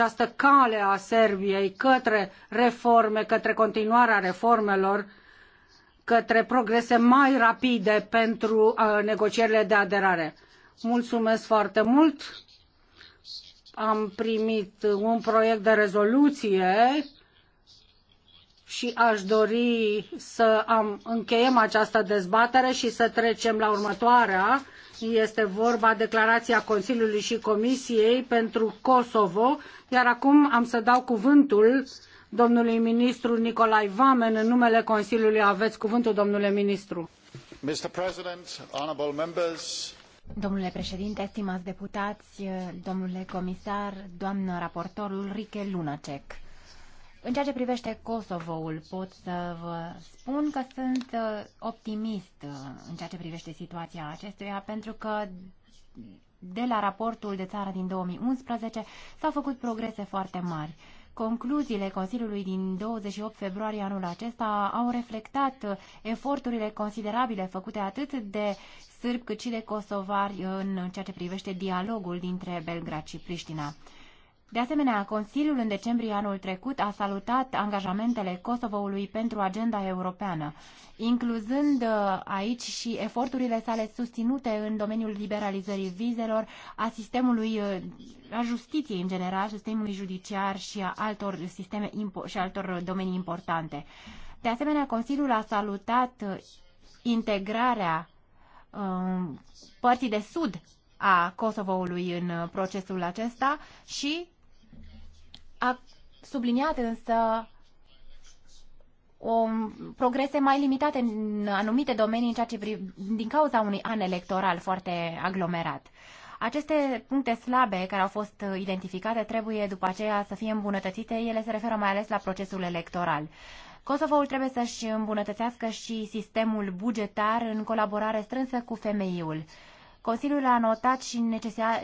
această cale a Serbiei către reforme, către continuarea reformelor, către progrese mai rapide pentru uh, negocierile de aderare. Mulțumesc foarte mult! Am primit un proiect de rezoluție și aș dori să am, încheiem această dezbatere și să trecem la următoarea este vorba declarația Consiliului și Comisiei pentru Kosovo, iar acum am să dau cuvântul domnului ministru Nicolai Vamen în numele Consiliului. Aveți cuvântul, domnule ministru. Members... Domnule președinte, stimați deputați, domnule comisar, doamnă raportor Ulrike Lunacek. În ceea ce privește Kosovo, Kosovo-ul, pot să vă spun că sunt uh, optimist uh, în ceea ce privește situația acestuia, pentru că de la raportul de țară din 2011 s-au făcut progrese foarte mari. Concluziile Consiliului din 28 februarie anul acesta au reflectat uh, eforturile considerabile făcute atât de sârb cât și de kosovari în ceea ce privește dialogul dintre Belgrad și Priștina. De asemenea, Consiliul în decembrie anul trecut a salutat angajamentele Kosovoului pentru agenda europeană, incluzând uh, aici și eforturile sale susținute în domeniul liberalizării vizelor, a sistemului, uh, a justiției în general, sistemului judiciar și a altor sisteme și altor domenii importante. De asemenea, Consiliul a salutat uh, integrarea um, părții de sud a Kosovoului în procesul acesta și a subliniat însă o progrese mai limitate în anumite domenii în ceea ce din cauza unui an electoral foarte aglomerat. Aceste puncte slabe care au fost identificate trebuie după aceea să fie îmbunătățite. Ele se referă mai ales la procesul electoral. Kosovoul trebuie să-și îmbunătățească și sistemul bugetar în colaborare strânsă cu femeiul. Consiliul a notat și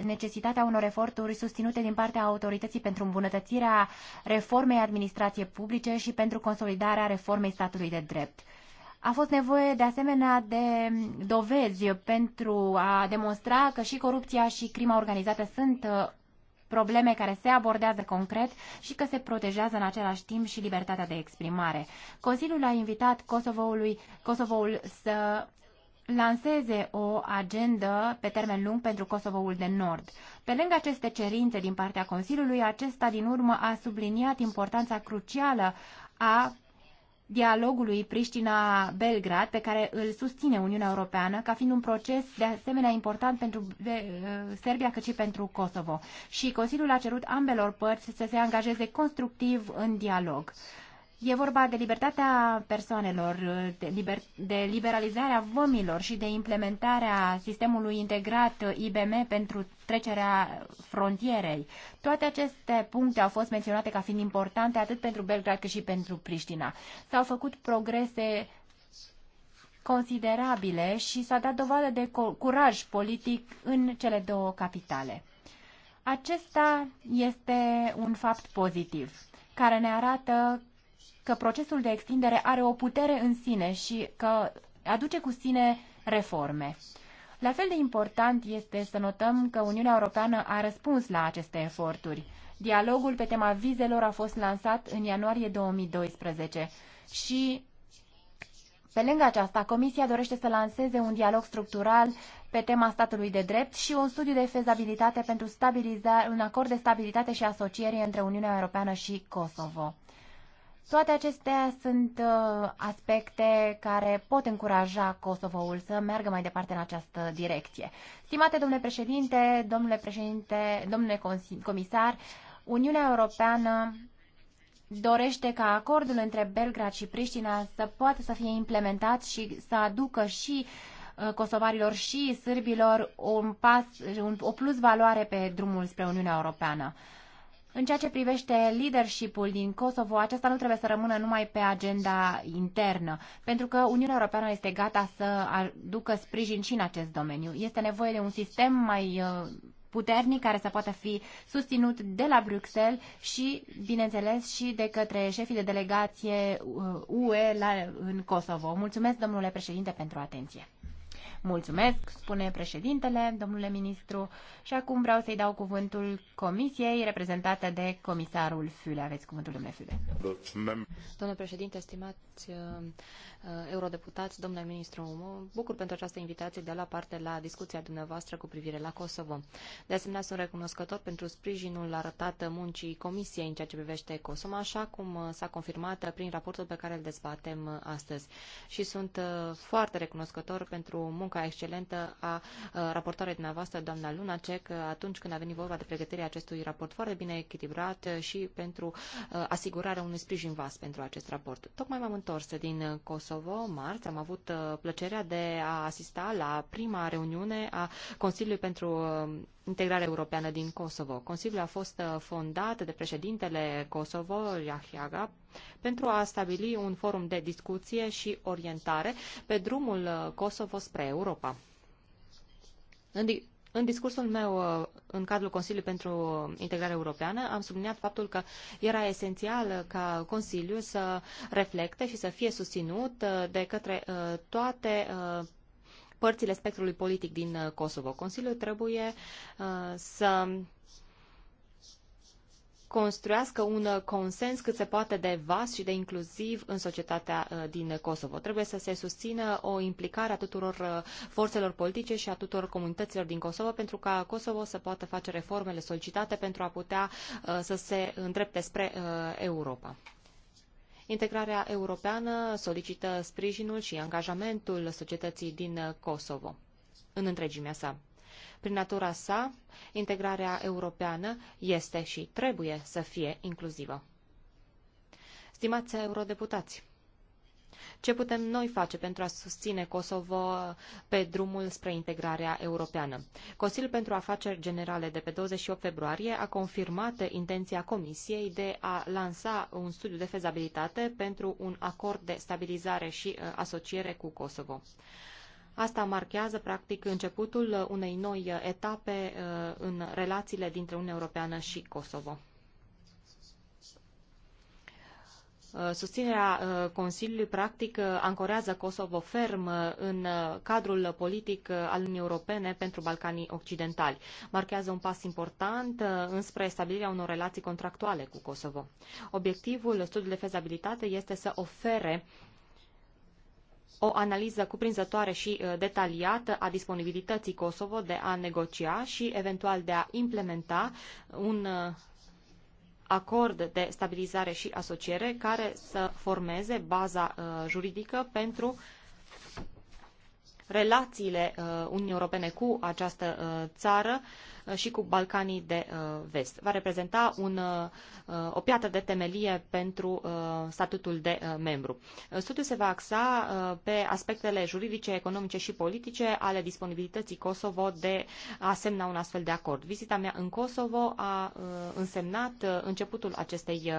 necesitatea unor eforturi susținute din partea autorității pentru îmbunătățirea reformei administrației publice și pentru consolidarea reformei statului de drept. A fost nevoie de asemenea de dovezi pentru a demonstra că și corupția și crima organizată sunt uh, probleme care se abordează concret și că se protejează în același timp și libertatea de exprimare. Consiliul a invitat Kosovoului, Kosovoul să lanseze o agendă pe termen lung pentru Kosovoul de Nord. Pe lângă aceste cerințe din partea Consiliului, acesta din urmă a subliniat importanța crucială a dialogului Priștina-Belgrad, pe care îl susține Uniunea Europeană, ca fiind un proces de asemenea important pentru uh, Serbia cât și pentru Kosovo. Și Consiliul a cerut ambelor părți să se angajeze constructiv în dialog. E vorba de libertatea persoanelor, de, liber, de liberalizarea vămilor și de implementarea sistemului integrat IBM pentru trecerea frontierei. Toate aceste puncte au fost menționate ca fiind importante atât pentru Belgrad cât și pentru Priștina. S-au făcut progrese considerabile și s-a dat dovadă de curaj politic în cele două capitale. Acesta este un fapt pozitiv care ne arată că procesul de extindere are o putere în sine și că aduce cu sine reforme. La fel de important este să notăm că Uniunea Europeană a răspuns la aceste eforturi. Dialogul pe tema vizelor a fost lansat în ianuarie 2012 și pe lângă aceasta, Comisia dorește să lanseze un dialog structural pe tema statului de drept și un studiu de fezabilitate pentru un acord de stabilitate și asociere între Uniunea Europeană și Kosovo. Toate acestea sunt uh, aspecte care pot încuraja Kosovoul să meargă mai departe în această direcție. Stimate domnule președinte, domnule președinte, domnule comisar, Uniunea Europeană dorește ca acordul între Belgrad și Priștina să poată să fie implementat și să aducă și uh, kosovarilor și sârbilor un pas, un, o plus valoare pe drumul spre Uniunea Europeană. Uh, în ceea ce privește leadership-ul din Kosovo, acesta nu trebuie să rămână numai pe agenda internă, pentru că Uniunea Europeană este gata să aducă sprijin și în acest domeniu. Este nevoie de un sistem mai uh, puternic care să poată fi susținut de la Bruxelles și, bineînțeles, și de către șefii de delegație UE uh, la, în Kosovo. Mulțumesc, domnule președinte, pentru atenție. Mulțumesc, spune președintele, domnule ministru, și acum vreau să-i dau cuvântul comisiei reprezentată de comisarul Füle. Aveți cuvântul, domnule Füle. Domnule președinte, stimați uh, uh, eurodeputați, domnule ministru, mă bucur pentru această invitație de la parte la discuția dumneavoastră cu privire la Kosovo. De asemenea, sunt recunoscător pentru sprijinul arătat muncii comisiei în ceea ce privește Kosovo, așa cum uh, s-a confirmat prin raportul pe care îl dezbatem astăzi. Și sunt foarte recunoscător pentru munca munca excelentă a raportoarei dumneavoastră, doamna Cec, atunci când a venit vorba de pregătirea acestui raport foarte bine echilibrat și pentru asigurarea unui sprijin vas pentru acest raport. Tocmai m-am întors din Kosovo, marți, am avut plăcerea de a asista la prima reuniune a Consiliului pentru integrare europeană din Kosovo. Consiliul a fost fondat de președintele Kosovo, Yahya pentru a stabili un forum de discuție și orientare pe drumul uh, Kosovo spre Europa. În în discursul meu uh, în cadrul Consiliului pentru uh, Integrare Europeană am subliniat faptul că era esențial ca Consiliul să reflecte și să fie susținut de către toate părțile spectrului politic din Kosovo. Consiliul trebuie să construiască un uh, consens cât se poate de vast și de inclusiv în societatea uh, din Kosovo. Trebuie să se susțină o implicare a tuturor uh, forțelor politice și a tuturor comunităților din Kosovo pentru ca Kosovo să poată face reformele solicitate pentru a putea să se îndrepte spre Europa. Integrarea europeană solicită sprijinul și angajamentul societății din Kosovo în întregimea sa. Prin natura sa, integrarea europeană este și trebuie să fie inclusivă. Stimați eurodeputați, ce putem noi face pentru a susține Kosovo pe drumul spre integrarea europeană? Consiliul pentru Afaceri Generale de pe 28 februarie a confirmat intenția Comisiei de a lansa un studiu de fezabilitate pentru un acord de stabilizare și uh, asociere cu Kosovo. Asta marchează, practic, începutul unei noi etape uh, în relațiile dintre Uniunea Europeană și Kosovo. Uh, susținerea uh, Consiliului, practic, ancorează Kosovo ferm în cadrul politic al Uniunii Europene pentru Balcanii Occidentali. Marchează un pas important înspre stabilirea unor relații contractuale cu Kosovo. Obiectivul studiului de fezabilitate este să ofere o analiză cuprinzătoare și uh, detaliată a disponibilității Kosovo de a negocia și eventual de a implementa un uh, acord de stabilizare și asociere care să formeze baza uh, juridică pentru relațiile uh, Uniunii Europene cu această uh, țară uh, și cu Balcanii de Vest. Va reprezenta un, o piatră de temelie pentru statutul de membru. Studiul se va axa pe aspectele juridice, economice și politice ale disponibilității Kosovo de a semna un astfel de acord. Vizita mea în Kosovo a însemnat începutul acestei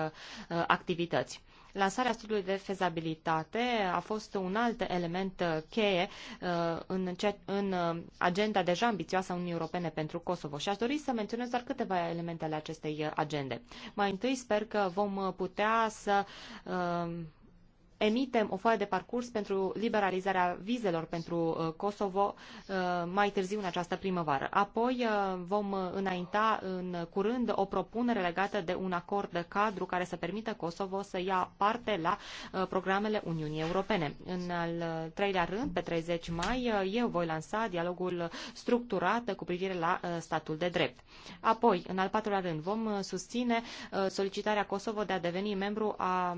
activități. Lansarea studiului de fezabilitate a fost un alt element uh, cheie uh, în, în uh, agenda deja ambițioasă a Uniunii Europene pentru Kosovo și aș dori să menționez doar câteva elementele acestei agende. Mai întâi sper că vom putea să emitem o foaie de parcurs pentru liberalizarea vizelor pentru uh, Kosovo uh, mai târziu în această primăvară. Apoi uh, vom înainta în curând o propunere legată de un acord de cadru care să permită Kosovo să ia parte la programele Uniunii Europene. În al treilea rând, pe 30 mai, eu voi lansa dialogul structurat cu privire la statul de drept. Apoi, în al patrulea rând, vom susține solicitarea Kosovo de a deveni membru a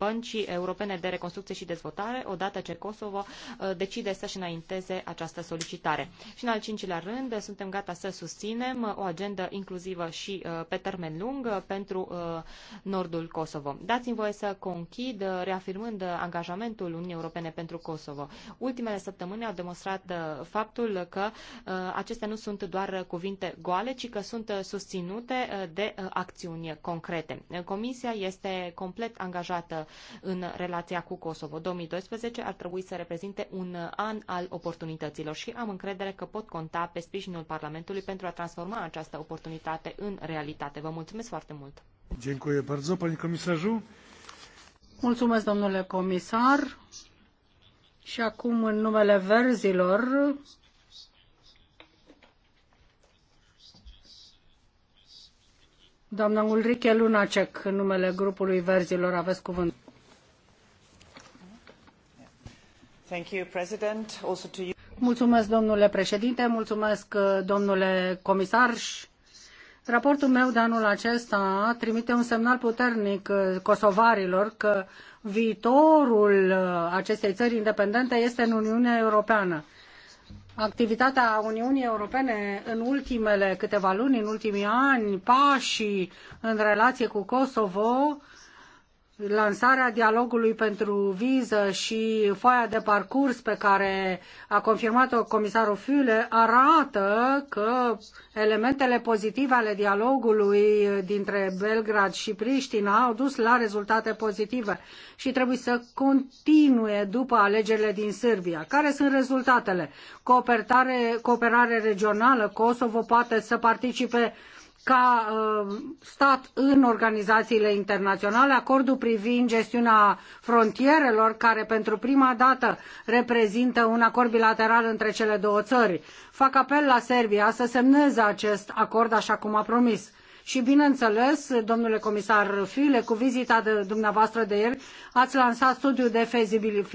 Băncii Europene de Reconstrucție și Dezvoltare, odată ce Kosovo uh, decide să-și înainteze această solicitare. Și în al cincilea rând, suntem gata să susținem o agendă inclusivă și uh, pe termen lung uh, pentru nordul Kosovo. Dați-mi voie să conchid reafirmând angajamentul Uniunii Europene pentru Kosovo. Ultimele săptămâni au demonstrat faptul că acestea nu sunt doar cuvinte goale, ci că sunt susținute de acțiuni concrete. Comisia este complet angajată în relația cu Kosovo. 2012 ar trebui să reprezinte un an al oportunităților și am încredere că pot conta pe sprijinul Parlamentului pentru a transforma această oportunitate în realitate. Vă mulțumesc foarte mult! Dziękuję bardzo, panie komisarzu. Mulțumesc, domnule comisar. Și acum, în numele verzilor, Doamna Ulrike Lunacek, în numele grupului Verzilor, aveți cuvânt. Thank you, President. Also to you. Mulțumesc, domnule președinte, mulțumesc, domnule comisar. Raportul meu de anul acesta trimite un semnal puternic uh, kosovarilor că viitorul uh, acestei țări independente este în Uniunea Europeană activitatea Uniunii Europene în ultimele câteva luni, în ultimii ani, pașii în relație cu Kosovo lansarea dialogului pentru viză și foaia de parcurs pe care a confirmat-o comisarul Füle arată că elementele pozitive ale dialogului dintre Belgrad și Priștina au dus la rezultate pozitive și trebuie să continue după alegerile din Serbia. Care sunt rezultatele? Cooperare, cooperare regională, Kosovo poate să participe uh, ca uh, stat în organizațiile internaționale, acordul privind gestiunea frontierelor, care pentru prima dată reprezintă un acord bilateral între cele două țări. Fac apel la Serbia să semneze acest acord așa cum a promis. Și bineînțeles, domnule comisar File, cu vizita de dumneavoastră de ieri, ați lansat studiul de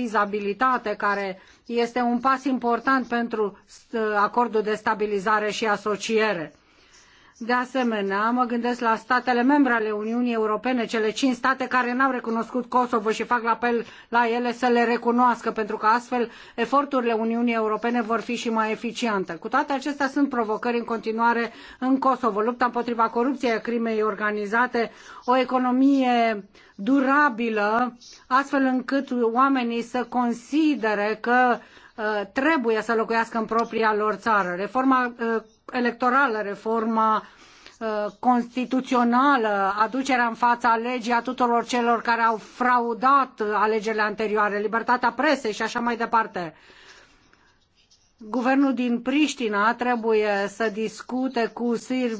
fezabilitate, care este un pas important pentru uh, acordul de stabilizare și asociere de asemenea, mă gândesc la statele membre ale Uniunii Europene, cele cinci state care n-au recunoscut Kosovo și fac apel la ele să le recunoască, pentru că astfel eforturile Uniunii Europene vor fi și mai eficiente. Cu toate acestea sunt provocări în continuare în Kosovo. Lupta împotriva corupției, crimei organizate, o economie durabilă, astfel încât oamenii să considere că Uh, trebuie să locuiască în propria lor țară. Reforma uh, electorală, reforma uh, constituțională, aducerea în fața legii a tuturor celor care au fraudat alegerile anterioare, libertatea presei și așa mai departe. Guvernul din Priștina trebuie să discute cu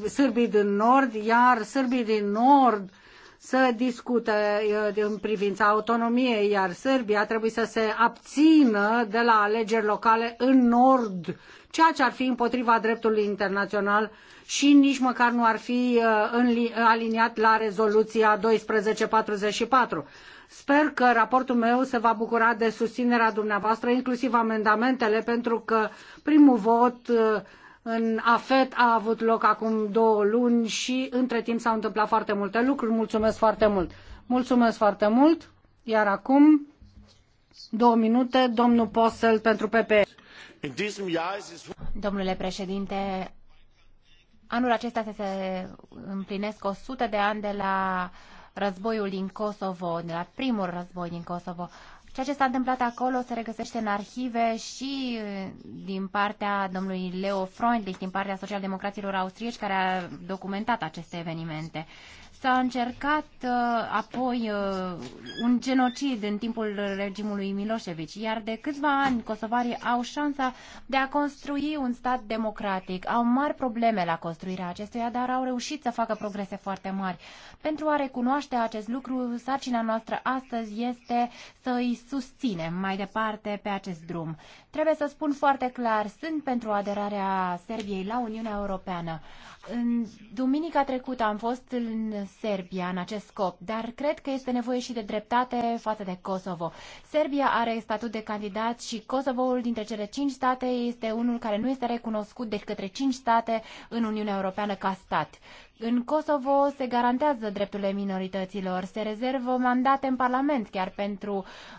sârbii din nord, iar sârbii din nord uh, să discute în privința autonomiei, iar Serbia trebuie să se abțină de la alegeri locale în nord, ceea ce ar fi împotriva dreptului internațional și nici măcar nu ar fi aliniat la rezoluția 1244. Sper că raportul meu se va bucura de susținerea dumneavoastră, inclusiv amendamentele, pentru că primul vot în AFET a avut loc acum două luni și între timp s-au întâmplat foarte multe lucruri. Mulțumesc foarte mult! Mulțumesc foarte mult! Iar acum, două minute, domnul Posel pentru PPE. Domnule președinte, anul acesta se împlinesc 100 de ani de la războiul din Kosovo, de la primul război din Kosovo. Ceea ce s-a întâmplat acolo se regăsește în arhive și eh, din partea domnului Leo Freundlich, din partea socialdemocraților austrieci, care a documentat aceste evenimente. S-a încercat uh, apoi uh, un genocid în timpul regimului Milosevic, iar de câțiva ani kosovarii au șansa de a construi un stat democratic. Au mari probleme la construirea acestuia, dar au reușit să facă progrese foarte mari. Pentru a recunoaște acest lucru, sarcina noastră astăzi este să îi susținem mai departe pe acest drum. Trebuie să spun foarte clar, sunt pentru aderarea Serbiei la Uniunea Europeană. În duminica trecută am fost în Serbia în acest scop, dar cred că este nevoie și de dreptate față de Kosovo. Serbia are statut de candidat și Kosovoul dintre cele cinci state este unul care nu este recunoscut de către cinci state în Uniunea Europeană ca stat. În Kosovo se garantează drepturile minorităților, se rezervă mandate în Parlament chiar pentru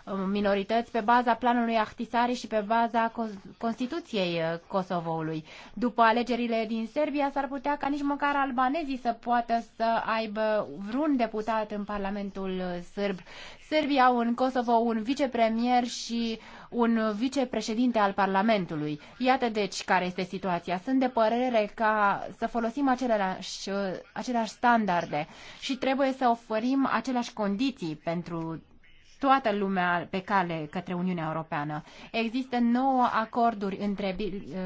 um, minorități pe baza planului Ahtisari și pe baza Constituției uh, Kosovoului. După alegerile din Serbia s-ar putea ca nici măcar albanezii să poată să aibă vreun deputat în Parlamentul uh, sârb. Serbia au în Kosovo un vicepremier și uh, un vicepreședinte al Parlamentului. Iată deci care este situația. Sunt de părere ca să folosim aceleași, aceleași standarde și trebuie să oferim aceleași condiții pentru toată lumea pe cale către Uniunea Europeană. Există nouă acorduri între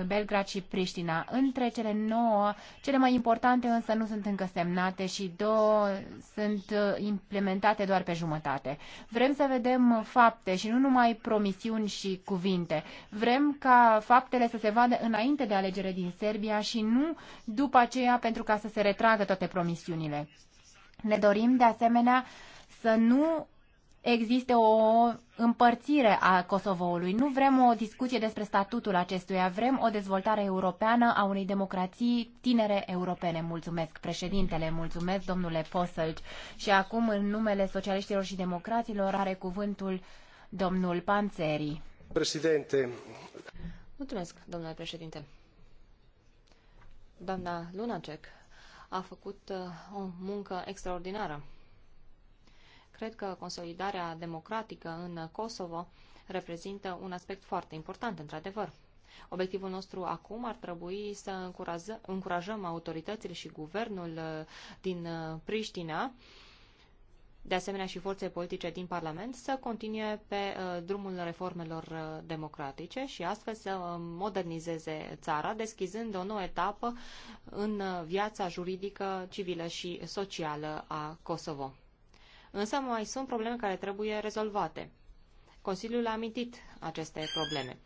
Belgrad și Priștina. Între cele nouă, cele mai importante însă nu sunt încă semnate și două sunt uh, implementate doar pe jumătate. Vrem să vedem fapte și nu numai promisiuni și cuvinte. Vrem ca faptele să se vadă înainte de alegere din Serbia și nu după aceea pentru ca să se retragă toate promisiunile. Ne dorim de asemenea să nu existe o împărțire a Kosovoului. Nu vrem o discuție despre statutul acestuia, vrem o dezvoltare europeană a unei democrații tinere europene. Mulțumesc, președintele, mulțumesc, domnule Posselt. Și acum, în numele socialiștilor și democraților, are cuvântul domnul Panțeri. Președinte. Mulțumesc, domnule președinte. Doamna Lunacek a făcut uh, o muncă extraordinară cred că consolidarea democratică în Kosovo reprezintă un aspect foarte important, într-adevăr. Obiectivul nostru acum ar trebui să încurajăm, încurajăm autoritățile și guvernul uh, din uh, Priștina, de asemenea și forțe politice din Parlament, să continue pe uh, drumul reformelor democratice și astfel să modernizeze țara, deschizând o nouă etapă în viața juridică, civilă și socială a Kosovo. Însă mai sunt probleme care trebuie rezolvate. Consiliul a amintit aceste probleme.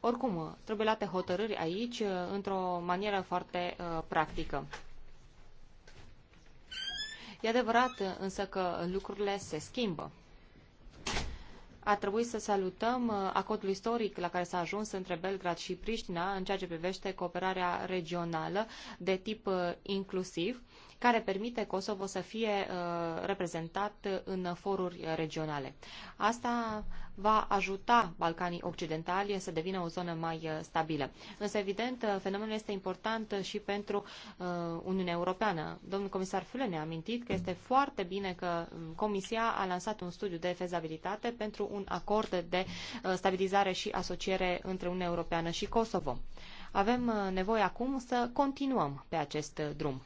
Oricum, trebuie luate hotărâri aici uh, într-o manieră foarte uh, practică. E adevărat uh, însă că lucrurile se schimbă. A trebuit să salutăm uh, acordul istoric la care s-a ajuns între Belgrad și Priștina în ceea ce privește cooperarea regională de tip inclusiv care permite Kosovo să fie uh, reprezentat în foruri regionale. Asta va ajuta Balcanii Occidentali să devină o zonă mai uh, stabilă. Însă, evident, uh, fenomenul este important și pentru Uniunea Europeană. Domnul comisar Fule ne-a amintit că este foarte bine că Comisia a lansat un studiu de fezabilitate pentru un acord de stabilizare și asociere între Uniunea Europeană și Kosovo. Avem nevoie acum să continuăm pe acest drum.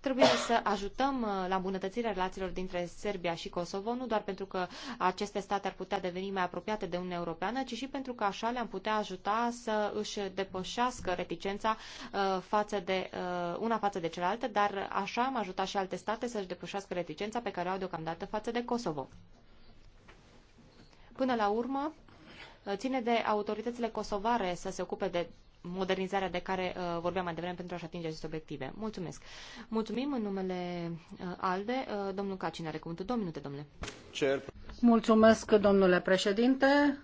Trebuie să ajutăm uh, la îmbunătățirea relațiilor dintre Serbia și Kosovo, nu doar pentru că aceste state ar putea deveni mai apropiate de Uniunea Europeană, ci și pentru că așa le-am putea ajuta să își depășească reticența uh, față de, uh, una față de cealaltă, dar așa am ajutat și alte state să-și depășească reticența pe care o au deocamdată față de Kosovo. Până la urmă, ține de autoritățile kosovare să se ocupe de modernizarea de care uh, vorbeam mai devreme pentru a-și atinge aceste obiective. Mulțumesc. Mulțumim în numele uh, ALDE. Uh, domnul Cacin are cuvântul. Două minute, domnule. Cer. Mulțumesc, domnule președinte.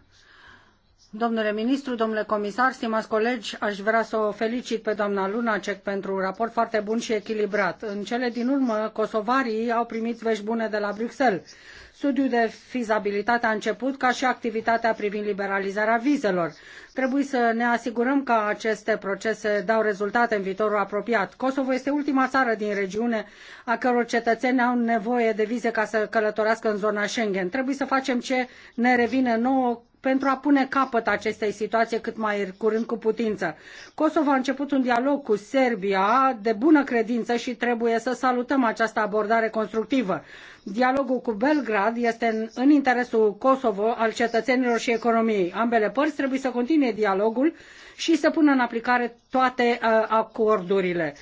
Domnule ministru, domnule comisar, stimați colegi, aș vrea să o felicit pe doamna Lunacek pentru un raport foarte bun și echilibrat. În cele din urmă, kosovarii au primit vești bune de la Bruxelles Studiul de fizabilitate a început ca și activitatea privind liberalizarea vizelor. Trebuie să ne asigurăm că aceste procese dau rezultate în viitorul apropiat. Kosovo este ultima țară din regiune a căror cetățeni au nevoie de vize ca să călătorească în zona Schengen. Trebuie să facem ce ne revine nouă pentru a pune capăt acestei situații cât mai curând cu putință. Kosovo a început un dialog cu Serbia de bună credință și trebuie să salutăm această abordare constructivă. Dialogul cu Belgrad este în, în interesul Kosovo, al cetățenilor și economiei. Ambele părți trebuie să continue dialogul și să pună în aplicare toate uh, acordurile.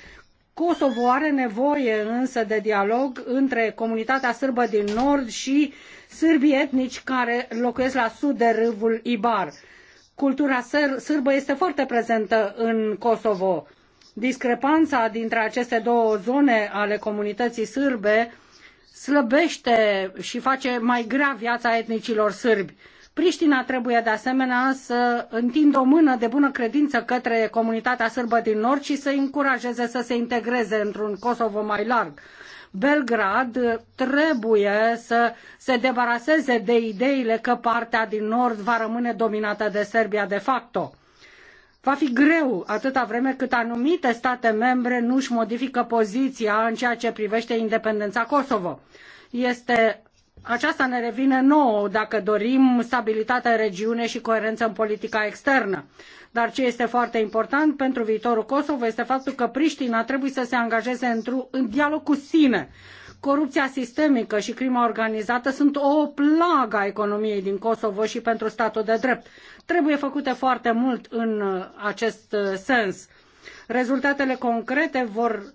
Kosovo are nevoie însă de dialog între comunitatea sârbă din nord și sârbii etnici care locuiesc la sud de râul Ibar. Cultura sârbă este foarte prezentă în Kosovo. Discrepanța dintre aceste două zone ale comunității sârbe slăbește și face mai grea viața etnicilor sârbi Priștina trebuie de asemenea să întindă o mână de bună credință către comunitatea sârbă din nord și să încurajeze să se integreze într-un Kosovo mai larg. Belgrad trebuie să se debaraseze de ideile că partea din nord va rămâne dominată de Serbia de facto. Va fi greu atâta vreme cât anumite state membre nu își modifică poziția în ceea ce privește independența Kosovo. Este aceasta ne revine nouă dacă dorim stabilitate în regiune și coerență în politica externă. Dar ce este foarte important pentru viitorul Kosovo este faptul că Priștina trebuie să se angajeze într-un dialog cu sine. Corupția sistemică și crima organizată sunt o plagă a economiei din Kosovo și pentru statul de drept. Trebuie făcute foarte mult în uh, acest uh, sens. Rezultatele concrete vor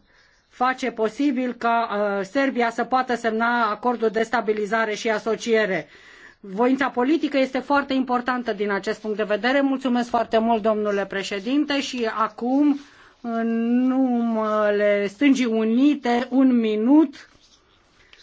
face posibil ca uh, Serbia să poată semna acordul de stabilizare și asociere. Voința politică este foarte importantă din acest punct de vedere. Mulțumesc foarte mult, domnule președinte, și acum, în numele Stângii Unite, un minut,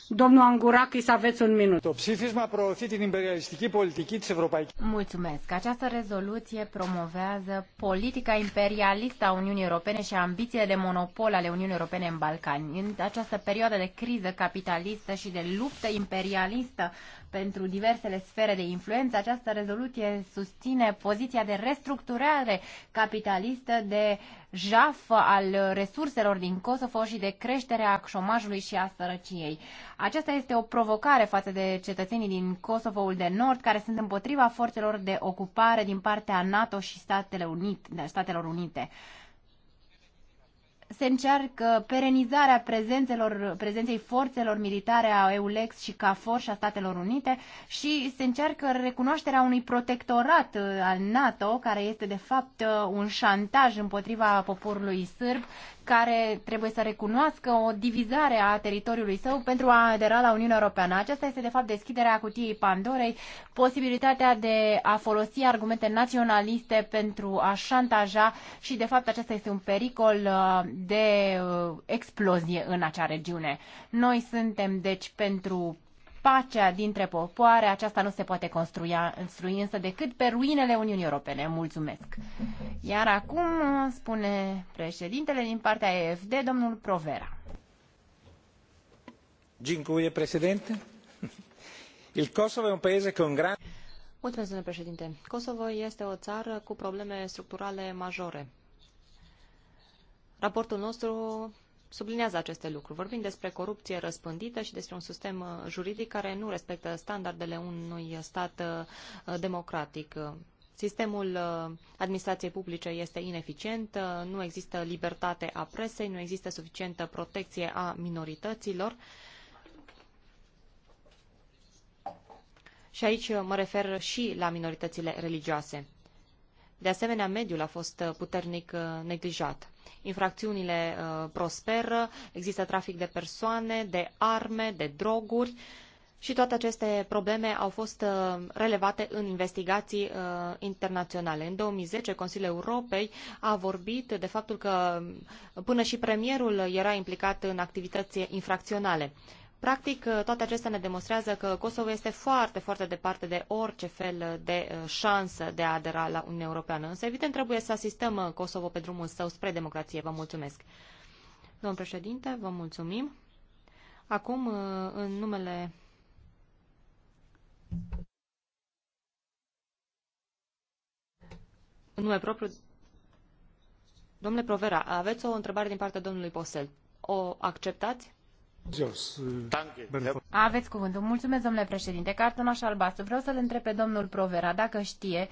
Domnul Angurakis, aveți un minut. Το ψήφισμα προωθεί την imperialιστική πολιτική της Ευρωπαϊκής... Mulțumesc. Această rezoluție promovează politica imperialistă a Uniunii Europene și ambițiile de monopol ale Uniunii Europene în Balcani. În această perioadă de criză capitalistă și de luptă imperialistă pentru diversele sfere de influență. Această rezoluție susține poziția de restructurare capitalistă, de jaf al resurselor din Kosovo și de creșterea șomajului și a sărăciei. Aceasta este o provocare față de cetățenii din Kosovoul de Nord, care sunt împotriva forțelor de ocupare din partea NATO și Statele Unite, Statelor Unite se încearcă perenizarea prezențelor, prezenței forțelor militare a EULEX și CAFOR și a Statelor Unite și se încearcă recunoașterea unui protectorat uh, al NATO, care este de fapt uh, un șantaj împotriva poporului sârb care trebuie să recunoască o divizare a teritoriului său pentru a adera la Uniunea Europeană. Aceasta este, de fapt, deschiderea cutiei Pandorei, posibilitatea de a folosi argumente naționaliste pentru a șantaja și, de fapt, acesta este un pericol uh, de uh, explozie în acea regiune. Noi suntem, deci, pentru pacea dintre popoare, aceasta nu se poate construi, însă decât pe ruinele Uniunii Europene. Mulțumesc! Iar acum, spune președintele din partea EFD, domnul Provera. Dziękuję, președinte. Il Kosovo e un paese con gran... Mulțumesc, domnule președinte. Kosovo este o țară cu probleme structurale majore. Raportul nostru sublinează aceste lucruri. Vorbim despre corupție răspândită și despre un sistem uh, juridic care nu respectă standardele unui stat uh, uh, democratic. Sistemul administrației publice este ineficient, nu există libertate a presei, nu există suficientă protecție a minorităților. Și aici mă refer și la minoritățile religioase. De asemenea, mediul a fost uh, puternic uh, neglijat. Infracțiunile uh, prosperă, există trafic de persoane, de arme, de droguri și toate aceste probleme au fost relevate în investigații internaționale. În 2010, Consiliul Europei a vorbit de faptul că până și premierul era implicat în activități infracționale. Practic, uh, toate acestea ne demonstrează că Kosovo este foarte, foarte departe de orice fel uh, de uh, șansă de a adera la Uniunea Europeană. Însă, evident, trebuie să asistăm Kosovo pe drumul său spre democrație. Vă mulțumesc. domn președinte, vă mulțumim. Acum, în numele În nume propriu. Domnule Provera, aveți o întrebare din partea domnului Posel. O acceptați? Uh, Aveți cuvântul. Mulțumesc, domnule președinte. Cartonaș albastru. Vreau să-l întreb pe domnul Provera dacă știe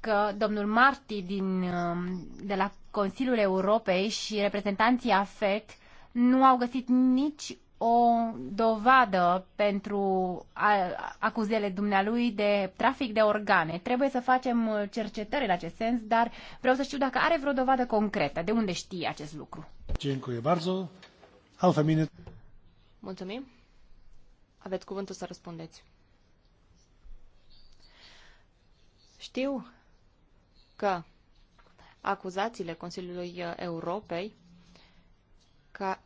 că domnul Marti din, um, de la Consiliul Europei și reprezentanții AFET nu au găsit nici o dovadă pentru acuzele dumnealui de trafic de organe. Trebuie să facem uh, cercetări în acest sens, dar vreau să știu dacă are vreo dovadă concretă. De unde știe acest lucru? Mulțumim. Aveți cuvântul să răspundeți. Știu că acuzațiile Consiliului Europei că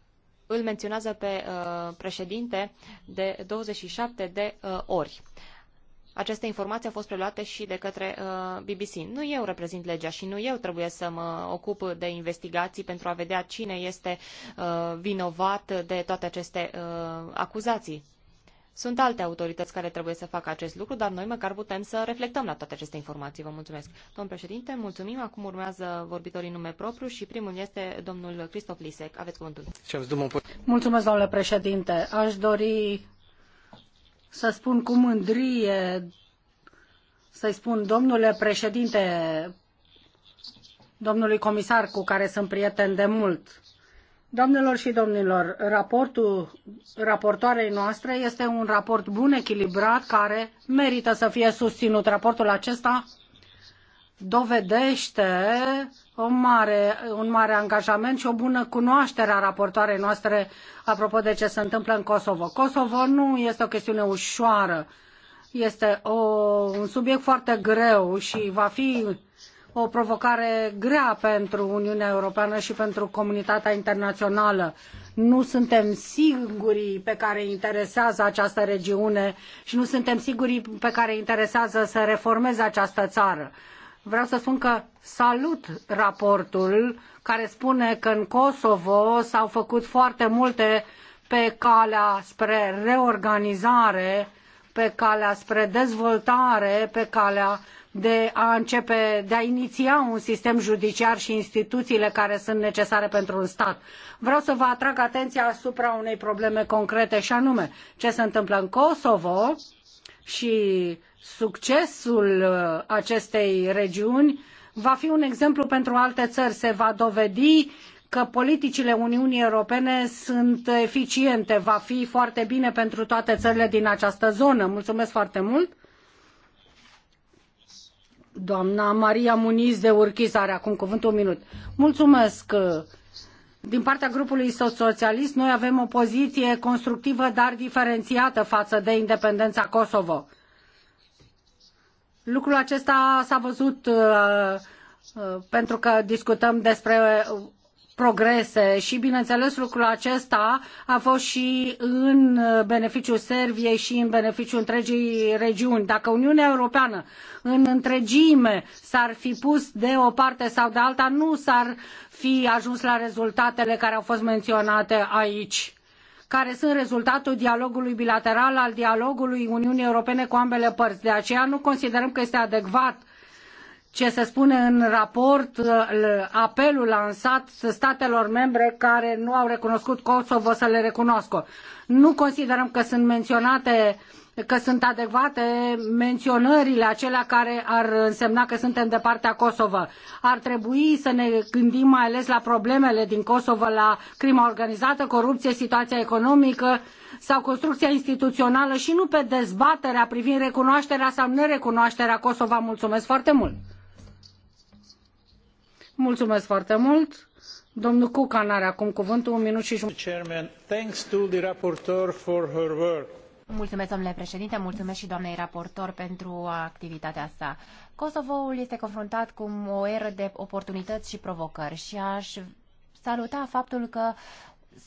îl menționează pe uh, președinte de 27 de uh, ori. Aceste informații au fost preluate și de către uh, BBC. Nu eu reprezint legea și nu eu trebuie să mă ocup de investigații pentru a vedea cine este uh, vinovat de toate aceste uh, acuzații. Sunt alte autorități care trebuie să facă acest lucru, dar noi măcar putem să reflectăm la toate aceste informații. Vă mulțumesc. Domnul președinte, mulțumim. Acum urmează vorbitorii nume propriu și primul este domnul Cristof Lisek. Aveți cuvântul. Mulțumesc, domnule președinte. Aș dori să spun cu mândrie, să-i spun, domnule președinte, domnului comisar cu care sunt prieten de mult. Doamnelor și domnilor, raportul raportoarei noastre este un raport bun, echilibrat, care merită să fie susținut. Raportul acesta dovedește o mare, un mare angajament și o bună cunoaștere a raportoarei noastre apropo de ce se întâmplă în Kosovo. Kosovo nu este o chestiune ușoară, este o, un subiect foarte greu și va fi o provocare grea pentru Uniunea Europeană și pentru comunitatea internațională. Nu suntem siguri pe care interesează această regiune și nu suntem siguri pe care interesează să reformeze această țară. Vreau să spun că salut raportul care spune că în Kosovo s-au făcut foarte multe pe calea spre reorganizare, pe calea spre dezvoltare, pe calea de a începe, de a iniția un sistem judiciar și instituțiile care sunt necesare pentru un stat. Vreau să vă atrag atenția asupra unei probleme concrete și anume ce se întâmplă în Kosovo, și succesul uh, acestei regiuni va fi un exemplu pentru alte țări. Se va dovedi că politicile Uniunii Europene sunt eficiente. Va fi foarte bine pentru toate țările din această zonă. Mulțumesc foarte mult! Doamna Maria Muniz de Urchiz are acum cuvântul un minut. Mulțumesc! Uh, din partea grupului socialist, noi avem o poziție constructivă, dar diferențiată față de independența Kosovo. Lucrul acesta s-a văzut uh, uh, pentru că discutăm despre progrese și, bineînțeles, lucrul acesta a fost și în beneficiul Serbiei și în beneficiul întregii regiuni. Dacă Uniunea Europeană în întregime s-ar fi pus de o parte sau de alta, nu s-ar fi ajuns la rezultatele care au fost menționate aici care sunt rezultatul dialogului bilateral al dialogului Uniunii Europene cu ambele părți. De aceea nu considerăm că este adecvat ce se spune în raport, uh, apelul lansat statelor membre care nu au recunoscut Kosovo să le recunoască. Nu considerăm că sunt menționate că sunt adecvate menționările acelea care ar însemna că suntem de partea Kosovo. Ar trebui să ne gândim mai ales la problemele din Kosovo, la crima organizată, corupție, situația economică sau construcția instituțională și nu pe dezbaterea privind recunoașterea sau nerecunoașterea Kosovo. Mulțumesc foarte mult! Mulțumesc foarte mult. Domnul Cucan are acum cuvântul, un minut și jumătate. Mulțumesc, domnule președinte, mulțumesc și doamnei raportor pentru activitatea sa. Kosovoul este confruntat cu o eră de oportunități și provocări și aș saluta faptul că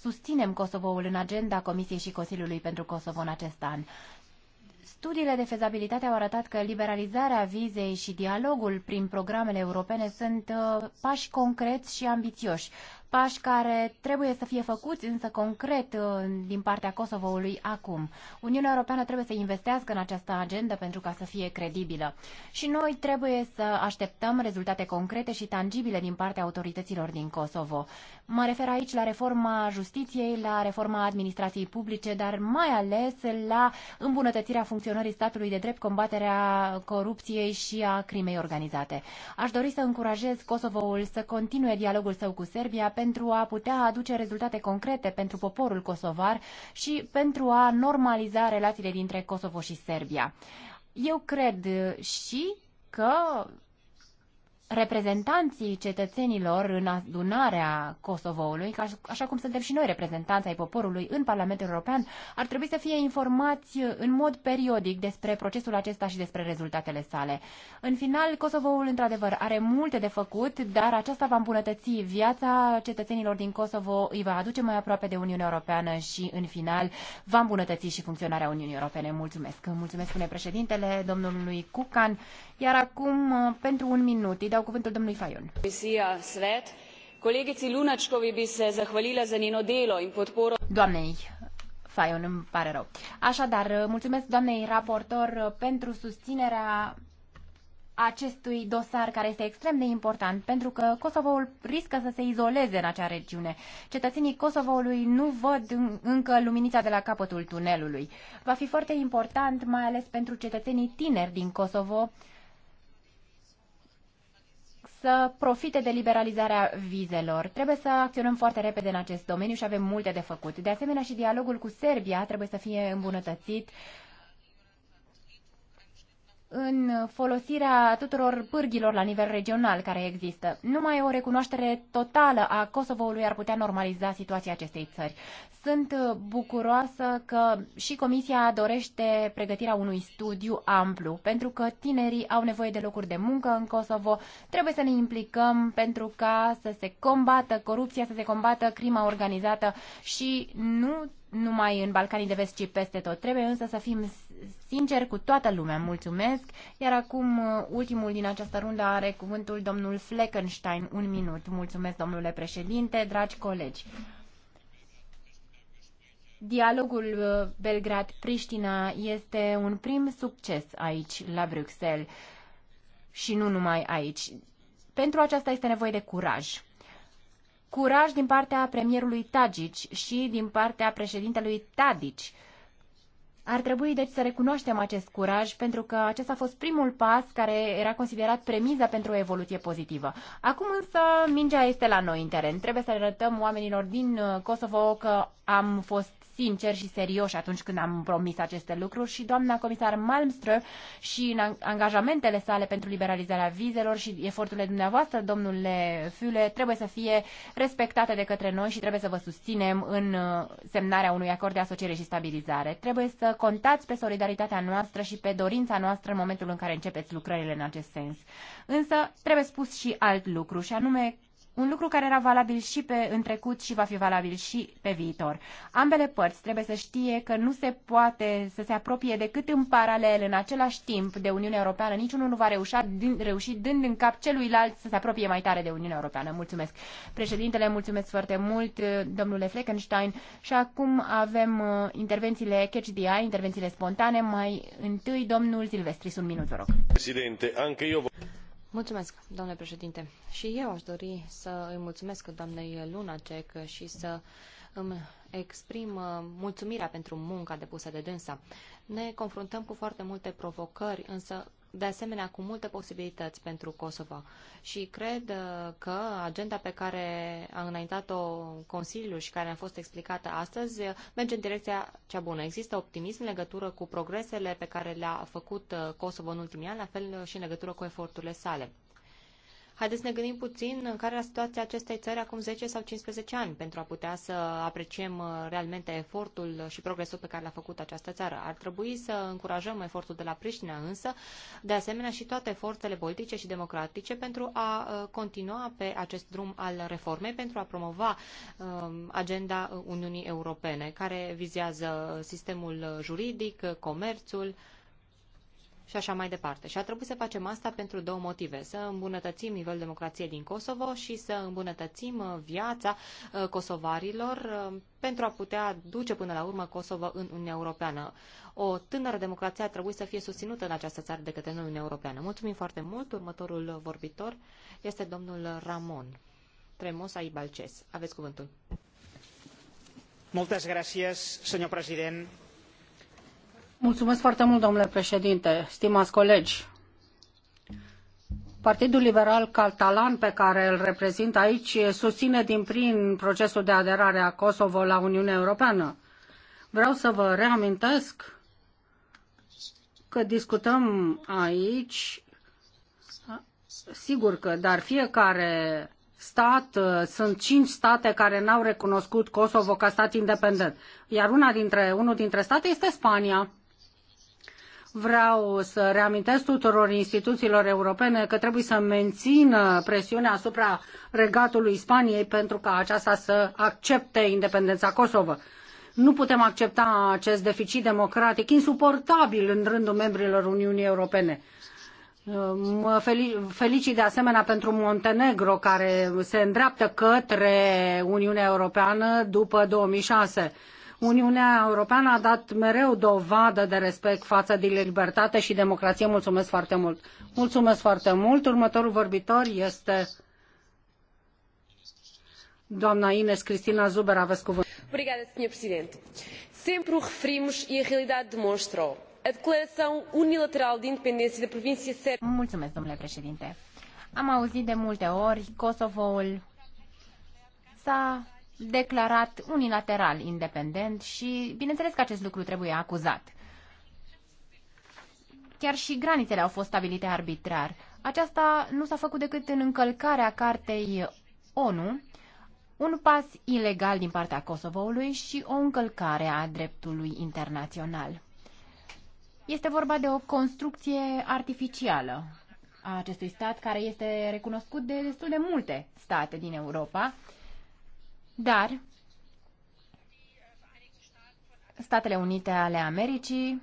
susținem Kosovoul în agenda Comisiei și Consiliului pentru Kosovo în acest an. Studiile de fezabilitate au arătat că liberalizarea vizei și dialogul prin programele europene sunt uh, pași concreți și ambițioși pași care trebuie să fie făcuți, însă concret, uh, din partea Kosovoului acum. Uniunea Europeană trebuie să investească în această agendă pentru ca să fie credibilă. Și noi trebuie să așteptăm rezultate concrete și tangibile din partea autorităților din Kosovo. Mă refer aici la reforma justiției, la reforma administrației publice, dar mai ales la îmbunătățirea funcționării statului de drept, combaterea corupției și a crimei organizate. Aș dori să încurajez Kosovoul să continue dialogul său cu Serbia pentru a putea aduce rezultate concrete pentru poporul kosovar și pentru a normaliza relațiile dintre Kosovo și Serbia. Eu cred și că reprezentanții cetățenilor în adunarea Kosovoului, așa cum suntem și noi reprezentanți ai poporului în Parlamentul European, ar trebui să fie informați în mod periodic despre procesul acesta și despre rezultatele sale. În final, Kosovoul, într-adevăr, are multe de făcut, dar aceasta va îmbunătăți viața cetățenilor din Kosovo, îi va aduce mai aproape de Uniunea Europeană și, în final, va îmbunătăți și funcționarea Uniunii Europene. Mulțumesc! Mulțumesc, spune președintele, domnului Cucan, iar acum, pentru un minut, îi dau dau cuvântul domnului Fajon. Comisia, Svet, colegiții Lunaccovi bi se zahvalila za njeno delo in podporo... Doamnei Fajon, îmi pare rău. Așadar, mulțumesc doamnei raportor pentru susținerea acestui dosar care este extrem de important pentru că Kosovoul riscă să se izoleze în acea regiune. Cetățenii Kosovoului nu văd încă luminița de la capătul tunelului. Va fi foarte important, mai ales pentru cetățenii tineri din Kosovo, să profite de liberalizarea vizelor. Trebuie să acționăm foarte repede în acest domeniu și avem multe de făcut. De asemenea, și dialogul cu Serbia trebuie să fie îmbunătățit în folosirea tuturor pârghilor la nivel regional care există. Numai o recunoaștere totală a Kosovoului ar putea normaliza situația acestei țări. Sunt uh, bucuroasă că și Comisia dorește pregătirea unui studiu amplu, pentru că tinerii au nevoie de locuri de muncă în Kosovo, trebuie să ne implicăm pentru ca să se combată corupția, să se combată crima organizată și nu numai în Balcanii de Vest, ci peste tot. Trebuie însă să fim sincer cu toată lumea. Mulțumesc. Iar acum, uh, ultimul din această rundă are cuvântul domnul Fleckenstein. Un minut. Mulțumesc, domnule președinte, dragi colegi. Dialogul uh, Belgrad-Priștina este un prim succes aici, la Bruxelles, și nu numai aici. Pentru aceasta este nevoie de curaj. Curaj din partea premierului Tagici și din partea președintelui Tadici ar trebui deci să recunoaștem acest curaj pentru că acesta a fost primul pas care era considerat premiza pentru o evoluție pozitivă. Acum însă mingea este la noi în teren. Trebuie să arătăm oamenilor din uh, Kosovo că am fost sinceri și serioși atunci când am promis aceste lucruri și doamna comisar Malmström și în angajamentele sale pentru liberalizarea vizelor și eforturile dumneavoastră, domnule Füle, trebuie să fie respectate de către noi și trebuie să vă susținem în uh, semnarea unui acord de asociere și stabilizare. Trebuie să contați pe solidaritatea noastră și pe dorința noastră în momentul în care începeți lucrările în acest sens. Însă trebuie spus și alt lucru și anume un lucru care era valabil și pe în trecut și va fi valabil și pe viitor. Ambele părți trebuie să știe că nu se poate să se apropie decât în paralel, în același timp, de Uniunea Europeană. Niciunul nu va reușa, din, reuși dând în cap celuilalt să se apropie mai tare de Uniunea Europeană. Mulțumesc. Președintele, mulțumesc foarte mult, domnule Fleckenstein. Și acum avem uh, intervențiile catch the eye, intervențiile spontane. Mai întâi, domnul Silvestri, un minut, vă rog. Președinte, anche eu... Mulțumesc, domnule președinte. Și eu aș dori să îi mulțumesc doamnei Lunacek și să îmi exprim uh, mulțumirea pentru munca depusă de dânsa. Ne confruntăm cu foarte multe provocări, însă de asemenea cu multe posibilități pentru Kosovo. Și cred uh, că agenda pe care a înaintat-o Consiliul și care a fost explicată astăzi uh, merge în direcția cea bună. Există optimism în legătură cu progresele pe care le-a făcut uh, Kosovo în ultimii ani, la fel și în legătură cu eforturile sale. Haideți să ne gândim puțin în care era situația acestei țări acum 10 sau 15 ani pentru a putea să apreciem uh, realmente efortul și progresul pe care l-a făcut această țară. Ar trebui să încurajăm efortul de la Priștina însă, de asemenea și toate forțele politice și democratice pentru a uh, continua pe acest drum al reformei, pentru a promova um, agenda Uniunii Europene, care vizează uh, sistemul juridic, comerțul, și așa mai departe. Și a trebuit să facem asta pentru două motive. Să îmbunătățim nivelul democrației din Kosovo și să îmbunătățim uh, viața uh, kosovarilor uh, pentru a putea duce până la urmă Kosovo în Uniunea Europeană. O tânără democrație a trebuit să fie susținută în această țară de către Uniunea Europeană. Mulțumim foarte mult. Următorul vorbitor este domnul Ramon Tremosa Ibalces. Aveți cuvântul. Mulțumesc, señor președinte. Mulțumesc foarte mult, domnule președinte, Partidul Liberal Catalan pe care îl reprezint aici susține din plin procesul de aderare a Kosovo la Uniunea Europeană. Vreau să vă reamintesc că discutăm aici, sigur că, dar fiecare stat, sunt cinci state care n-au recunoscut Kosovo ca stat independent. Iar una dintre, unul dintre state este Spania. Vreau să reamintesc tuturor instituțiilor europene că trebuie să mențină presiunea asupra regatului Spaniei pentru ca aceasta să accepte independența Kosovo. Nu putem accepta acest deficit democratic insuportabil în rândul membrilor Uniunii Europene. Mă felicit de asemenea pentru Montenegro, care se îndreaptă către Uniunea Europeană după 2006 Uniunea Europeană a dat mereu dovadă de respect față de libertate și democrație. Mulțumesc foarte mult! Mulțumesc foarte mult! Următorul vorbitor este doamna Ines Cristina Zuber. Aveți cuvânt. Obrigada, Sr. Presidente. Sempre o referimos e a realidade demonstra. A declaração unilateral de independência da província sérvia. Mulțumesc, domnule președinte. Am auzit de multe ori Kosovoul s-a declarat unilateral independent și bineînțeles că acest lucru trebuie acuzat. Chiar și granițele au fost stabilite arbitrar. Aceasta nu s-a făcut decât în încălcarea cartei ONU, un pas ilegal din partea Kosovoului și o încălcare a dreptului internațional. Este vorba de o construcție artificială a acestui stat, care este recunoscut de destul de multe state din Europa dar Statele Unite ale Americii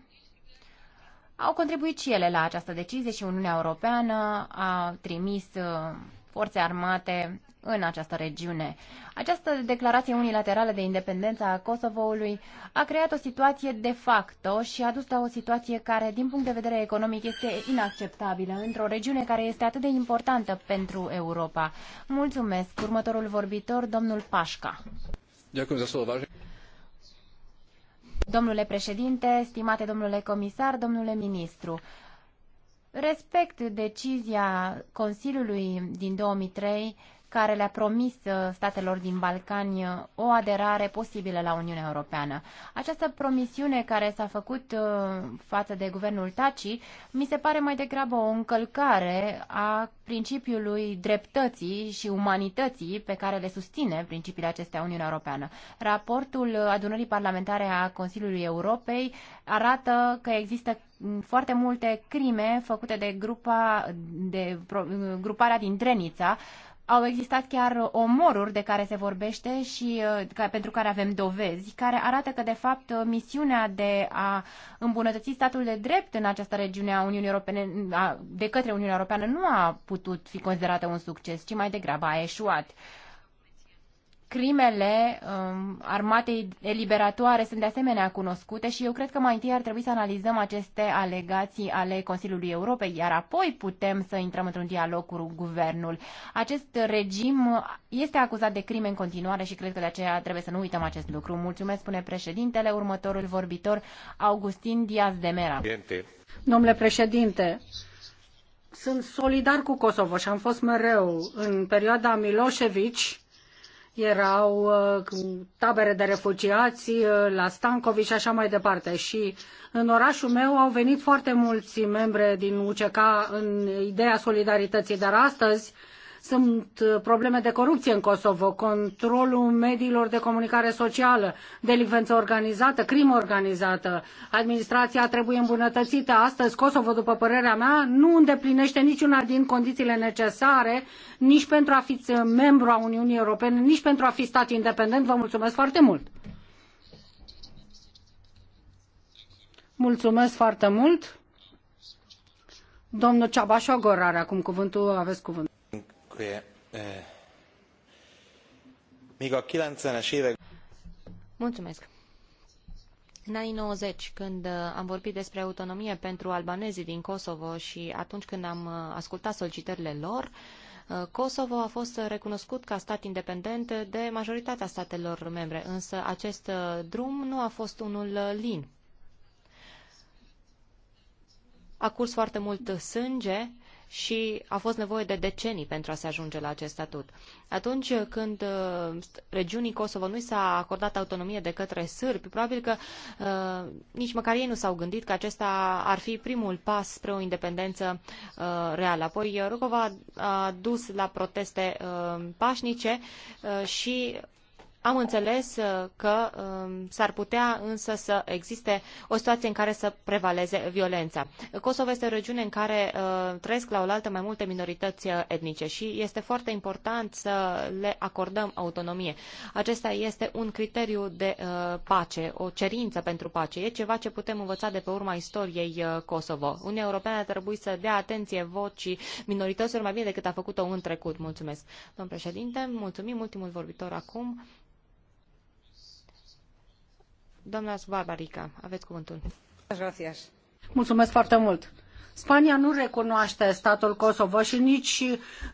au contribuit și ele la această decizie și Uniunea Europeană a trimis uh, forțe armate în această regiune. Această declarație unilaterală de independență a Kosovoului a creat o situație de facto și a dus la o situație care, din punct de vedere economic, este inacceptabilă într-o regiune care este atât de importantă pentru Europa. Mulțumesc. Următorul vorbitor, domnul Pașca. Domnule președinte, stimate domnule comisar, domnule ministru, Respect decizia Consiliului din 2003 care le-a promis uh, statelor din Balcani uh, o aderare posibilă la Uniunea Europeană. Această promisiune care s-a făcut uh, față de guvernul Taci mi se pare mai degrabă o încălcare a principiului dreptății și umanității pe care le susține principiile acestea Uniunea Europeană. Raportul adunării parlamentare a Consiliului Europei arată că există mm, foarte multe crime făcute de grupa de mm, gruparea din Trenița au existat chiar omoruri de care se vorbește și uh, ca, pentru care avem dovezi, care arată că, de fapt, uh, misiunea de a îmbunătăți statul de drept în această regiune a Uniunii Europene, a, de către Uniunea Europeană, nu a putut fi considerată un succes, ci mai degrabă a eșuat. Crimele um, armatei eliberatoare sunt de asemenea cunoscute și eu cred că mai întâi ar trebui să analizăm aceste alegații ale Consiliului Europei, iar apoi putem să intrăm într-un dialog cu guvernul. Acest regim este acuzat de crime în continuare și cred că de aceea trebuie să nu uităm acest lucru. Mulțumesc, spune președintele, următorul vorbitor, Augustin Diaz de Mera. Domnule președinte, sunt solidar cu Kosovo și am fost mereu în perioada Milosevic erau uh, tabere de refugiați uh, la Stankovi și așa mai departe. Și în orașul meu au venit foarte mulți membre din UCK în ideea solidarității, dar astăzi sunt uh, probleme de corupție în Kosovo, controlul mediilor de comunicare socială, delinvență organizată, crimă organizată. Administrația trebuie îmbunătățită. Astăzi Kosovo, după părerea mea, nu îndeplinește niciuna din condițiile necesare nici pentru a fi uh, membru a Uniunii Europene, nici pentru a fi stat independent. Vă mulțumesc foarte mult! Mulțumesc foarte mult! Domnul Ceaba are acum cuvântul, aveți cuvântul. Míg a 90-es évek... Mulțumesc. În anii 90, când am vorbit despre autonomie pentru albanezii din Kosovo și atunci când am ascultat solicitările lor, Kosovo a fost recunoscut ca stat independent de majoritatea statelor membre, însă acest drum nu a fost unul lin. A curs foarte mult sânge și a fost nevoie de decenii pentru a se ajunge la acest statut. Atunci când uh, regiunii Kosovo nu i s-a acordat autonomie de către sârbi, probabil că uh, nici măcar ei nu s-au gândit că acesta ar fi primul pas spre o independență uh, reală. Apoi uh, Rugova a dus la proteste uh, pașnice uh, și am înțeles uh, că um, s-ar putea însă să existe o situație în care să prevaleze violența. Kosovo este o regiune în care uh, trăiesc la oaltă mai multe minorități uh, etnice și este foarte important să le acordăm autonomie. Acesta este un criteriu de pace, o cerință pentru pace. E ceva ce putem învăța de pe urma istoriei Kosovo. Uniunea Europeană trebuie să dea atenție vocii minorităților mai bine decât a făcut-o în trecut. Mulțumesc. domn președinte, mulțumim. Ultimul vorbitor acum, Doamna Sbarbarica, aveți cuvântul. Mulțumesc foarte mult Spania nu recunoaște statul Kosovo și nici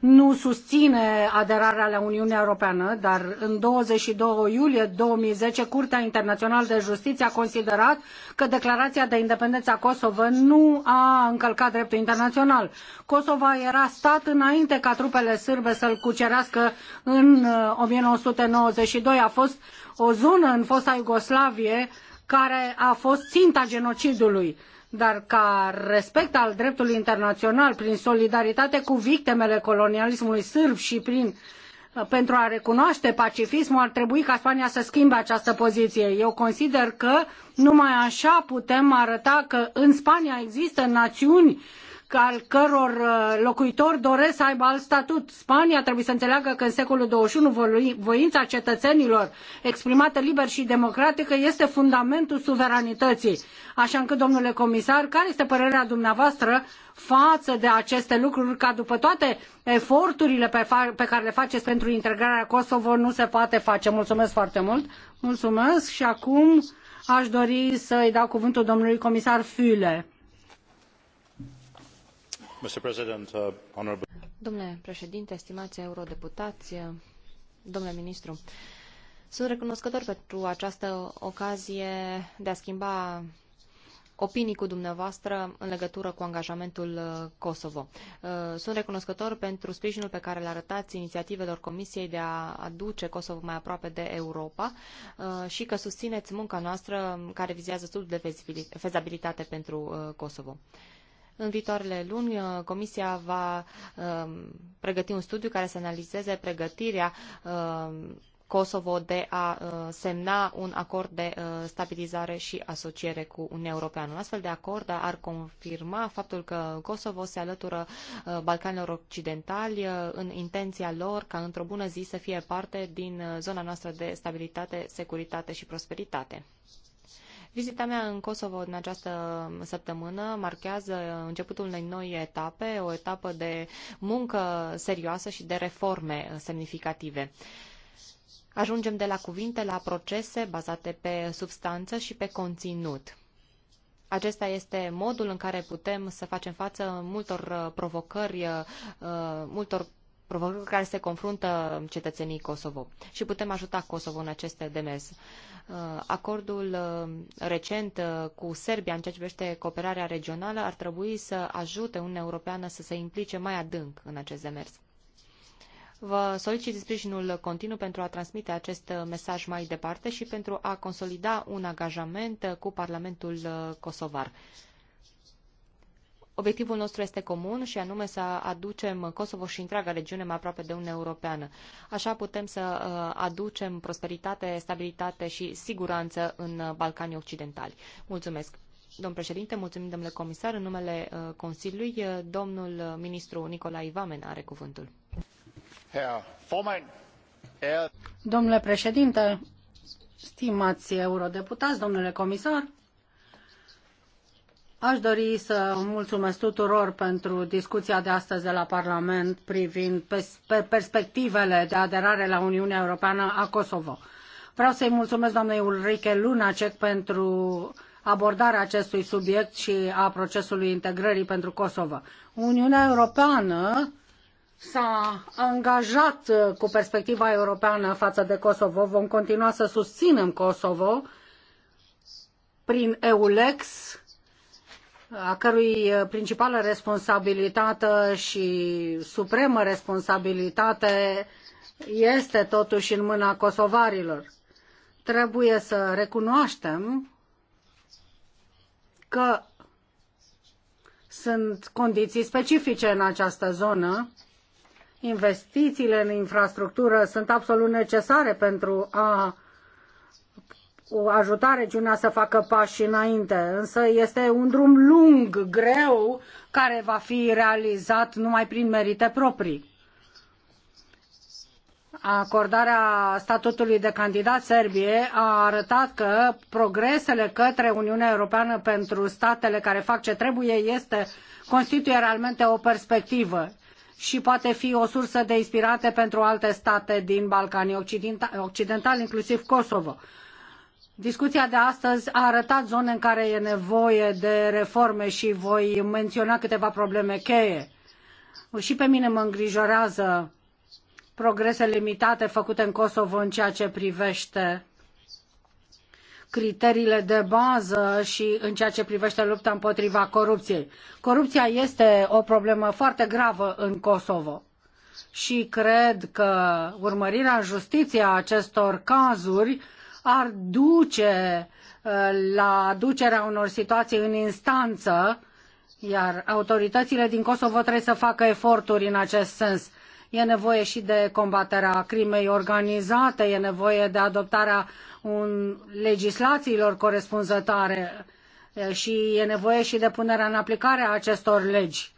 nu susține aderarea la Uniunea Europeană, dar în 22 iulie 2010 Curtea Internațională de Justiție a considerat că declarația de independență a Kosovo nu a încălcat dreptul internațional. Kosovo era stat înainte ca trupele sârbe să-l cucerească în 1992. Uh, a fost o zonă în fosta Iugoslavie care a fost ținta genocidului dar ca respect al dreptului internațional, prin solidaritate cu victimele colonialismului sârb și prin uh, pentru a recunoaște pacifismul, ar trebui ca Spania să schimbe această poziție. Eu consider că numai așa putem arăta că în Spania există națiuni uh, al căror uh, locuitori doresc să aibă alt statut. Spania trebuie să înțeleagă că în secolul XXI voința cetățenilor exprimată liber și democratică este fundamentul suveranității. Așa încât, domnule comisar, care este părerea dumneavoastră față de aceste lucruri, ca după toate eforturile pe, pe care le faceți pentru integrarea Kosovo nu se poate face? Mulțumesc foarte mult! Mulțumesc și acum aș dori să-i dau cuvântul domnului comisar Füle. Uh, domnule președinte, stimați eurodeputați, domnule ministru, sunt recunoscător pentru această ocazie de a schimba opinii cu dumneavoastră în legătură cu angajamentul uh, Kosovo. Uh, sunt recunoscător pentru sprijinul pe care îl arătați inițiativelor Comisiei de a aduce Kosovo mai aproape de Europa și că susțineți munca noastră care vizează studiul de fezabilitate pentru Kosovo. În viitoarele luni, uh, Comisia va um, pregăti un studiu care să analizeze pregătirea um, Kosovo de a uh, semna un acord de uh, stabilizare și asociere cu Uniunea Europeană. Un astfel de acord ar confirma faptul că Kosovo se alătură Balcanilor Occidentali în intenția lor ca într-o bună zi să fie parte din zona noastră de stabilitate, securitate și prosperitate. Vizita mea în Kosovo în această săptămână marchează începutul unei noi etape, o etapă de muncă serioasă și de reforme semnificative. Ajungem de la cuvinte la procese bazate pe substanță și pe conținut. Acesta este modul în care putem să facem față multor provocări, uh, multor provocări care se confruntă cetățenii Kosovo și putem ajuta Kosovo în aceste demers. Uh, acordul uh, recent uh, cu Serbia în ceea ce privește cooperarea regională ar trebui să ajute Uniunea Europeană să se implice mai adânc în acest demers. Vă solicit sprijinul continuu pentru a transmite acest mesaj mai departe și pentru a consolida un angajament cu Parlamentul Kosovar. Obiectivul nostru este comun și anume să aducem Kosovo și întreaga regiune mai aproape de Uniunea Europeană. Așa putem să uh, aducem prosperitate, stabilitate și siguranță în uh, Balcanii Occidentali. Mulțumesc! Domn președinte, mulțumim, domnule comisar. În numele uh, Consiliului, domnul ministru Nicolae Ivamen are cuvântul. Er- domnule președinte, stimați eurodeputați, domnule comisar, Aș dori să mulțumesc tuturor pentru discuția de astăzi de la Parlament privind perspectivele de aderare la Uniunea Europeană a Kosovo. Vreau să-i mulțumesc doamnei Ulrike Lunacek pentru abordarea acestui subiect și a procesului integrării pentru Kosovo. Uniunea Europeană s-a angajat cu perspectiva europeană față de Kosovo. Vom continua să susținem Kosovo prin EULEX, a cărui uh, principală responsabilitate și supremă responsabilitate este totuși în mâna kosovarilor. Trebuie să recunoaștem că sunt condiții specifice în această zonă. Investițiile în infrastructură sunt absolut necesare pentru a ajuta regiunea să facă pași înainte, însă este un drum lung, greu, care va fi realizat numai prin merite proprii. Acordarea statutului de candidat Serbie a arătat că progresele către Uniunea Europeană pentru statele care fac ce trebuie este constituie realmente o perspectivă și poate fi o sursă de inspirare pentru alte state din Balcanii Occidentali, inclusiv Kosovo. Discuția de astăzi a arătat zone în care e nevoie de reforme și voi menționa câteva probleme cheie. Și pe mine mă îngrijorează progrese limitate făcute în Kosovo în ceea ce privește criteriile de bază și în ceea ce privește lupta împotriva corupției. Corupția este o problemă foarte gravă în Kosovo și cred că urmărirea în justiție a acestor cazuri uh, ar duce uh, la aducerea unor situații în instanță, iar autoritățile din Kosovo trebuie să facă eforturi în acest sens. E nevoie și de combaterea crimei organizate, e nevoie de adoptarea un, legislațiilor corespunzătoare uh, și e nevoie și de punerea în aplicare a acestor legi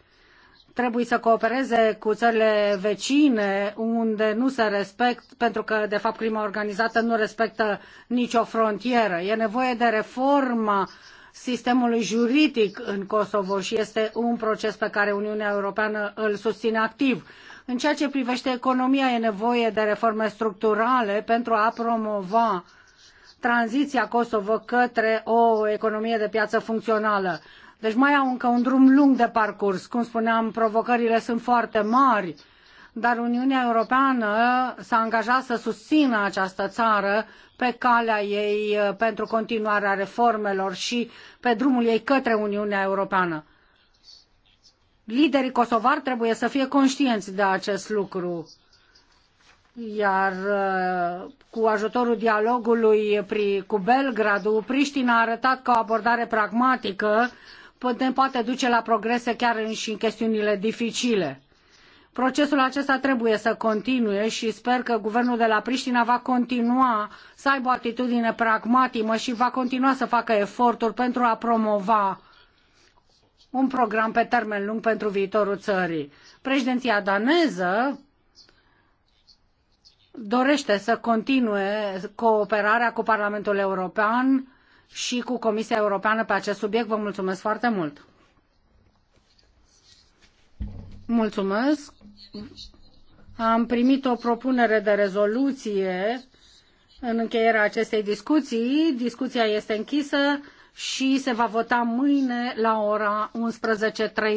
trebuie să coopereze cu țările vecine unde nu se respect, pentru că de fapt crima organizată nu respectă nicio frontieră. E nevoie de reforma sistemului juridic în Kosovo și este un proces pe care Uniunea Europeană îl susține activ. În ceea ce privește economia, e nevoie de reforme structurale pentru a promova tranziția Kosovo către o economie de piață funcțională. Deci mai au încă un drum lung de parcurs. Cum spuneam, provocările sunt foarte mari, dar Uniunea Europeană s-a angajat să susțină această țară pe calea ei uh, pentru continuarea reformelor și pe drumul ei către Uniunea Europeană. Liderii kosovari trebuie să fie conștienți de acest lucru iar uh, cu ajutorul dialogului cu Belgradul, Priștina a arătat că o abordare pragmatică poate duce la progrese chiar și în chestiunile dificile. Procesul acesta trebuie să continue și sper că guvernul de la Priștina va continua să aibă o atitudine pragmatică și va continua să facă eforturi pentru a promova un program pe termen lung pentru viitorul țării. Președinția daneză dorește să continue cooperarea cu Parlamentul European și cu Comisia Europeană pe acest subiect. Vă mulțumesc foarte mult! Mulțumesc! Am primit o propunere de rezoluție în încheierea acestei discuții. Discuția este închisă și se va vota mâine la ora 11.30.